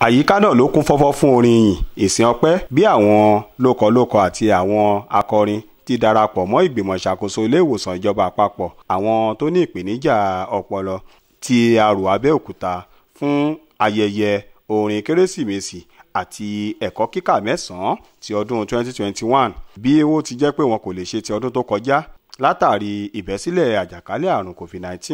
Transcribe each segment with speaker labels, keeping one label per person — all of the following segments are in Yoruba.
Speaker 1: àyíká náà ló kún fọ́fọ́ fún orin ìyìn ìsìn ọpẹ́ bí àwọn lókọlókọ àti àwọn akọrin ti darapọ̀ mọ́ ìgbìmọ̀ ìṣàkóso ilé ìwòsàn ìjọba àpapọ̀ àwọn tó ní ìpèníjà ọpọlọ ti arò Abẹ́òkúta fún ayẹyẹ orin kérésìmesì àti ẹ̀kọ́ kíkà mẹ́sàn-án ti ọdún 2021 bí ó ti jẹ́ pé wọn kò lè ṣe ti ọdún tó kọjá látàrí ìbẹ́sílẹ̀ àjàkálẹ̀ àrùn COVID-19.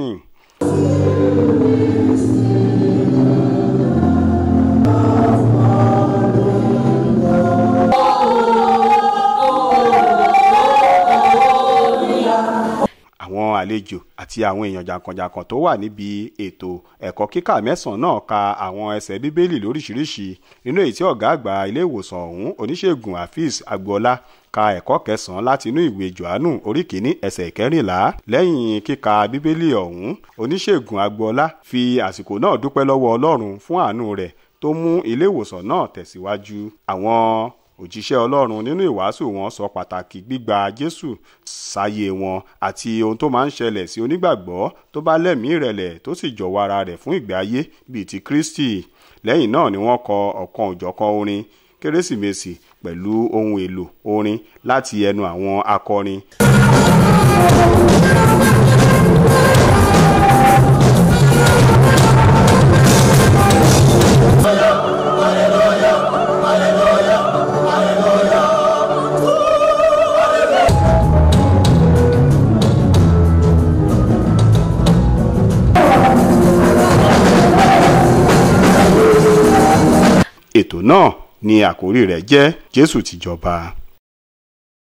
Speaker 1: àwọn àlejò àti àwọn èèyàn jàǹkànjàǹkàn tó wà níbi ètò ẹ̀kọ́ kíkà mẹ́sàn-án náà ka àwọn ẹsẹ̀ bíbélì lóríṣìíríṣìí nínú èyí tí ọ̀gá àgbà ilé ìwòsàn ọ̀hún oníṣègùn hafiz agboola ka ẹ̀kọ́ kẹsàn-án láti inú ìwé johannu orí kìíní ẹsẹ̀ ìkẹrìnlá lẹ́yìn kíka bíbélì ọ̀hún oníṣègùn agboola fi àsìkò náà dúpẹ́ lọ́wọ́ ọlọ́run fún àánú rẹ̀ tó mú ilé ìwòsàn náà tẹ̀síwájú àwọn òjíṣẹ́ ọlọ́run nínú ìwàásù wọn sọ pàtàkì gbígba jésù sáyé wọn àti ohun tó máa ń ṣẹlẹ̀ sí onígbàgbọ́ tó bá lẹ́mìí ìrẹ̀lẹ̀ tó sì jọ̀wọ́ ara rẹ̀ fún ìgbé ayé bíi ti kristi lẹ́yìn náà ni wọ́n kọ ọ̀kan òjọ̀kan orin kérésìmesì pẹ̀lú ohun èlò orin láti ẹnu àwọn akọrin. ètò náà ni àkórí rẹ̀ jẹ́ Jésù tìjọba.